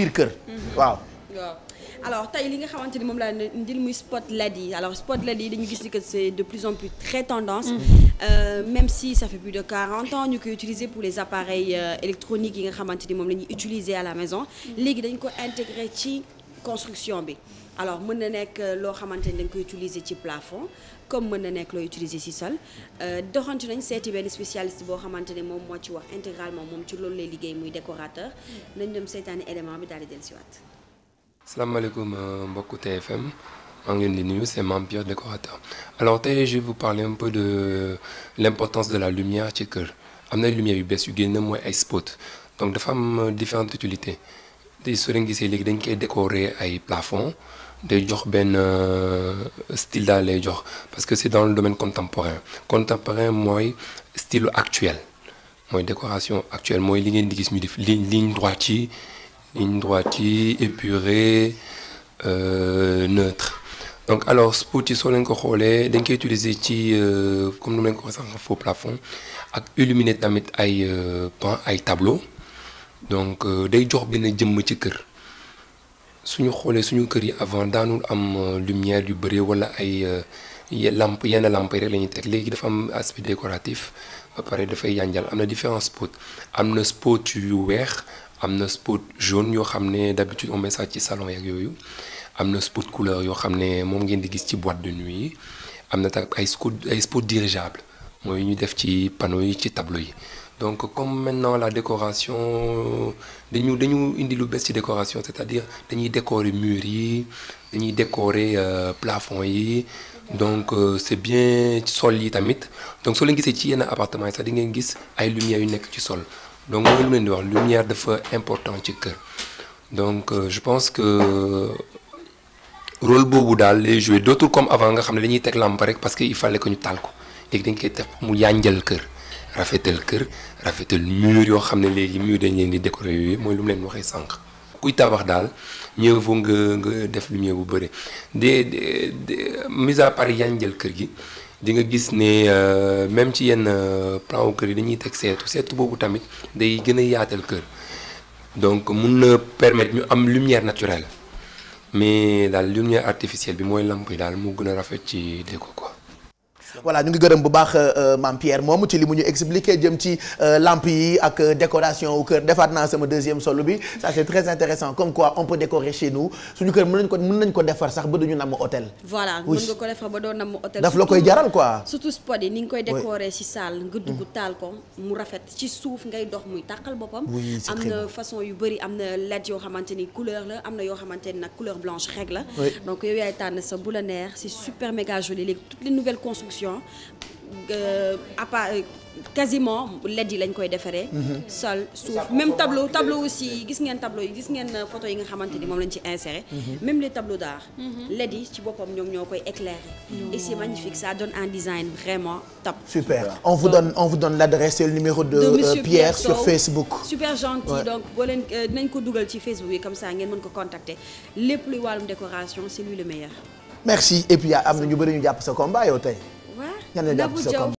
biir kër mhm. waaw waaw alors tey li nga xamante ni moom laa ndil muy spot LED yi alors spot LED yi dañu gis ni que de plus en plus très tendance mhm. euh, même si ça fait plus de 40 ans ñu koy utiliser pour les appareils euh, électroniques yi nga xamante ni moom la ñuy utiliser à la maison mhm. léegi dañ ko intégrer ci construction bi alors mën na nekk euh, loo xamante ni dañ koy utiliser ci plafond comme mën na nekk loo utiliser ci sol euh, doxantu nañ seeti benn spécialiste boo xamante ne moom moo ci wax intégralement moom ci loolu lay liggéey muy décorateur nañ dem seetaani élément bi daal di dellusiwaat. salaamaaleykum euh, mbokku TFM. maa ngi leen di nuyu c'est Mame Pierre décorateur alors tey je vais vous parler un peu de l'importance de la ci kër am na lumière yu bees yu génn mooy ay spot donc dafa am différentes utilités. te su leen gisee léegi dañ koy décorer ay plafond day jox benn euh, style daal lay jox parce que c'est dans le domaine contemporain contemporain mooy style actuel mooy décoration actuelle mooy li ngeen di gis ñu def ligne ligne droite yi ligne droite yi épurée euh, neutre. donc alors spots yi soo leen ko xoolee dañ koy utiliser ci euh, comme nu ma leen ko waxee faux plafond ak illuminer tamit ay pan ay tableau donc euh, day jox benn jëmm ci kër suñu xoolee suñu kër yi avant daanul am euh, lumière yu bëri wala ay euh, lamp yenn lamp yi rek la ñuy teg léegi dafa am aspect décoratif ba pare dafay yànjal am na différents spots am na spots yu weex am na spot jaune yoo xam ne d'habitude on message ci salon yeeg yooyu am na spot couleur yoo xam ne moom ngeen di gis ci boîte de nuit yi am na tam ay spot ay spot dirigeable mooy ñu def ci panneau yi ci tableau yi donc comme maintenant la décoration dañu dañu indi lu bees ci décoration c'est-à-dire dañuy décorer murs yi dañuy décorer euh, plafond yi donc euh, c'est bien sol yi tamit donc soo leen gisee ci yenn appartement sax di ngeen gis ay lumières yu nekk ci sol donc mooy lu leen di wax lumière dafa important ci kër donc euh, je pense que rôle boobu daal lay jouer dootul comme avant nga xam ne dañuy teg lampe rek parce que il fallait que ñu taal ko léegi dañ koy teg mu yànjal kër rafetal kër rafetal mur yoo xam ne léegi mur dañ leen di décorer yooyu mooy lu mu leen waxee sànq. kuy tabax daal ñëw foo nga nga def lumière bu bëri de de mise à part yaa jël kër gi di nga gis ne euh, même ci yenn euh, plan wu kër yi dañuy teg seetu seetu boobu tamit day gën a yaatal kër donc mun na permettre ñu am lumière naturelle mais daal lumière artificielle bi mooy lamp yi daal mu gën a rafet ci déco ko voilà ñu ngi gërëm bu baax euh, euh, maam Pierre moom ci li mu ñu expliqué jëm ci euh, lampe yi ak décoration au kër defaat naa sama deuxième solo bi ça c'est très intéressant comme quoi on peut décorer chez nous sax ba duñu namm hôtel voilà ko defar ba doo namm hôtel daf la koy jaral quoi surtout spot yi ni nga koy décorer ci salle nga dugg mm. taal ko mu rafet ci suuf ngay dox muy tàqal boppam am na façon yu bëri am na led yoo xamante ni couleur la am na yoo xamante ni nag couleur blanche rek la donc yow yaay tànn sa bu neex c'est super production euh, à part euh, quasiment led yi lañ koy defaree. Mhm. sal suuf même tableau tableau aussi gis ngeen tableau yi gis ngeen euh, photo yi nga xamante ni moom lañ ci inséré. Mhm. même les tableaux d'art. Mhm. led yi ci boppam ñoom ñoo koy éclairer. et c'est magnifique sa donne un design vraiment top. super on vous donne on vous donne l'adresse et le numéro de. de Pierre sur Facebook. super gentil donc boo leen nañ ko dugal ci Facebook yi comme ça ngeen mën ko contacter lépp luy wàllum décoration c'est lui le meilleur. merci ñu bëri ñu jàpp sa combat yow tey. yan la jàpp sa